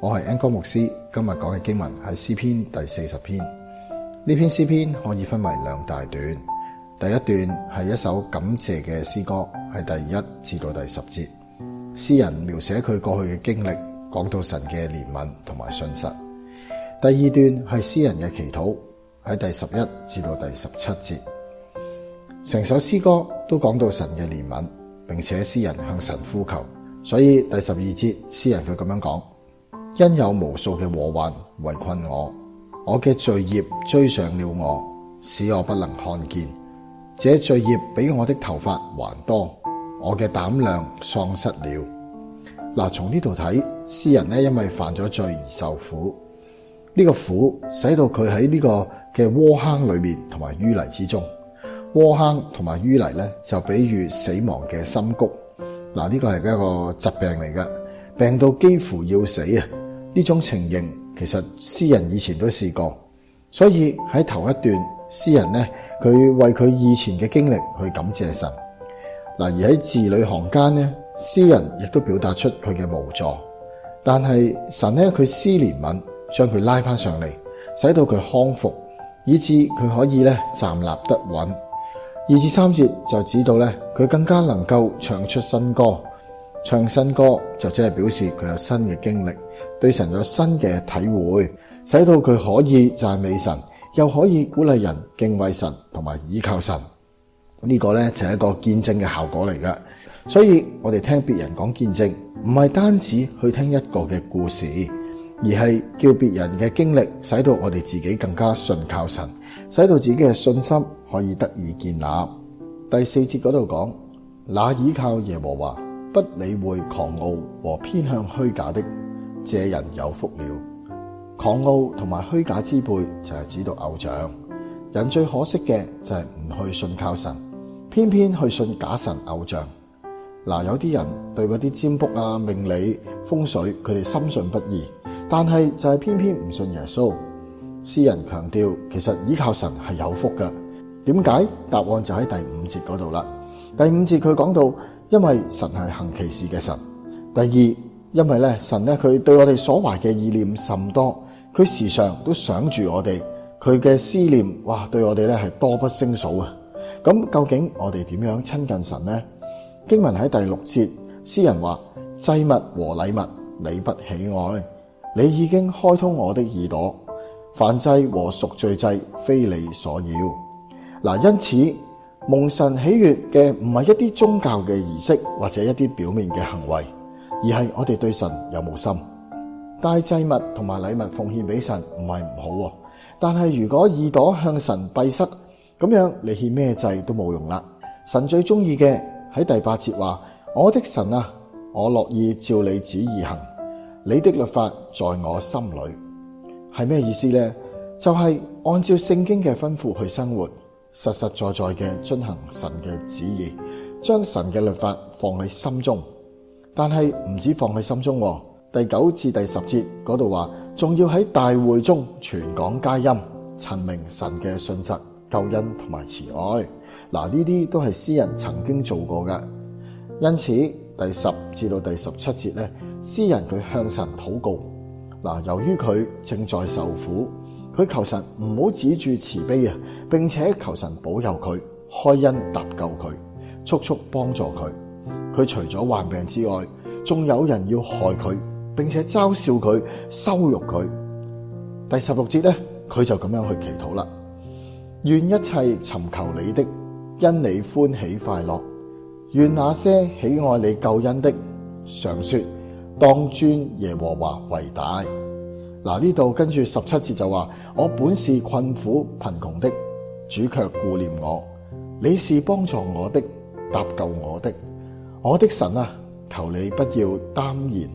我係 N 哥牧師，今日講嘅經文係詩篇第四十篇。呢篇詩篇可以分為兩大段。第一段係一首感謝嘅詩歌，係第一至到第十節。詩人描寫佢過去嘅經歷，講到神嘅憐憫同埋信實。第二段係詩人嘅祈禱，喺第十一至到第十七節。成首詩歌都講到神嘅憐憫，並且詩人向神呼求。所以第十二節，詩人佢咁樣講。因有無數嘅禍患圍困我，我嘅罪孽追上了我，使我不能看見。這罪孽比我的頭髮還多，我嘅膽量喪失了。嗱，從呢度睇，詩人因為犯咗罪而受苦，呢、呢個苦使到佢喺呢個嘅窩坑裏面同埋淤泥之中，窩坑同埋淤泥咧就比喻死亡嘅深谷。嗱，呢個係一個疾病嚟嘅，病到幾乎要死啊！呢種情形，其實詩人以前都試過，所以喺頭一段，詩人咧佢為佢以前嘅經歷去感謝神。嗱，而喺字裏行間咧，詩人亦都表達出佢嘅無助，但係神咧佢施憐憫，將佢拉翻上嚟，使到佢康復，以致佢可以咧站立得穩。二至三節就指到咧，佢更加能夠唱出新歌。唱新歌就只係表示佢有新嘅經歷，對神有新嘅體會，使到佢可以讚美神，又可以鼓勵人敬畏神同埋倚靠神。這個、呢個咧就係、是、一個見證嘅效果嚟㗎。所以我哋聽別人講見證，唔係單止去聽一個嘅故事，而係叫別人嘅經歷使到我哋自己更加信靠神，使到自己嘅信心可以得以建立。第四節嗰度講那倚靠耶和華。不理會狂傲和偏向虛假的，這人有福了。狂傲同埋虛假之輩就係指到偶像。人最可惜嘅就係唔去信靠神，偏偏去信假神偶像。嗱、啊，有啲人對嗰啲占卜啊、命理、風水，佢哋深信不疑，但係就係偏偏唔信耶穌。詩人強調，其實倚靠神係有福噶，點解？答案就喺第五節嗰度啦。第五節佢講到。因為神係行奇事嘅神。第二，因為咧神咧佢對我哋所懷嘅意念甚多，佢時常都想住我哋，佢嘅思念哇對我哋咧係多不勝數啊！咁究竟我哋點樣親近神呢？經文喺第六節，詩人話：祭物和禮物你不喜愛，你已經開通我的耳朵，燔祭和贖罪祭非你所要。嗱，因此。蒙神喜悦嘅唔係一啲宗教嘅儀式或者一啲表面嘅行為，而係我哋對神有冇心。帶祭物同埋禮物奉獻俾神唔係唔好，但係如果耳朵向神閉塞，咁樣你獻咩祭都冇用啦。神最中意嘅，喺第八節話：我的神啊，我樂意照你旨意行，你的律法在我心裏，係咩意思咧？就係按照聖經嘅吩咐去生活。實實在在嘅遵行神嘅旨意，將神嘅律法放喺心中，但係唔止放喺心中。第九至第十節嗰度話，仲要喺大會中傳講佳音，陳明神嘅信實、救恩同埋慈愛。嗱，呢啲都係詩人曾經做過嘅。因此，第十至到第十七節咧，詩人佢向神禱告。嗱，由於佢正在受苦。佢求神唔好止住慈悲啊，並且求神保佑佢，開恩搭救佢，速速幫助佢。佢除咗患病之外，仲有人要害佢，並且嘲笑佢、羞辱佢。第十六節咧，佢就咁樣去祈禱啦。願一切尋求你的，因你歡喜快樂，願那些喜愛你救恩的，常說：當尊耶和華為大。嗱，呢度跟住十七節就話：我本是困苦貧窮的，主卻顧念我；你是幫助我的，搭救我的。我的神啊，求你不要耽延。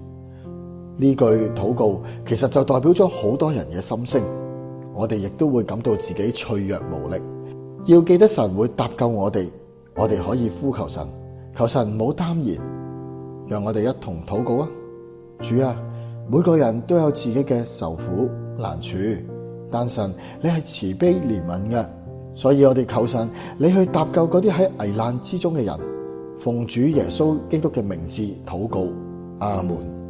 呢句禱告其實就代表咗好多人嘅心聲，我哋亦都會感到自己脆弱無力。要記得神會搭救我哋，我哋可以呼求神，求神唔好耽延，讓我哋一同禱告啊！主啊！每個人都有自己嘅受苦難處，但神你係慈悲憐憫嘅，所以我哋求神你去搭救嗰啲喺危難之中嘅人，奉主耶穌基督嘅名字禱告，阿門。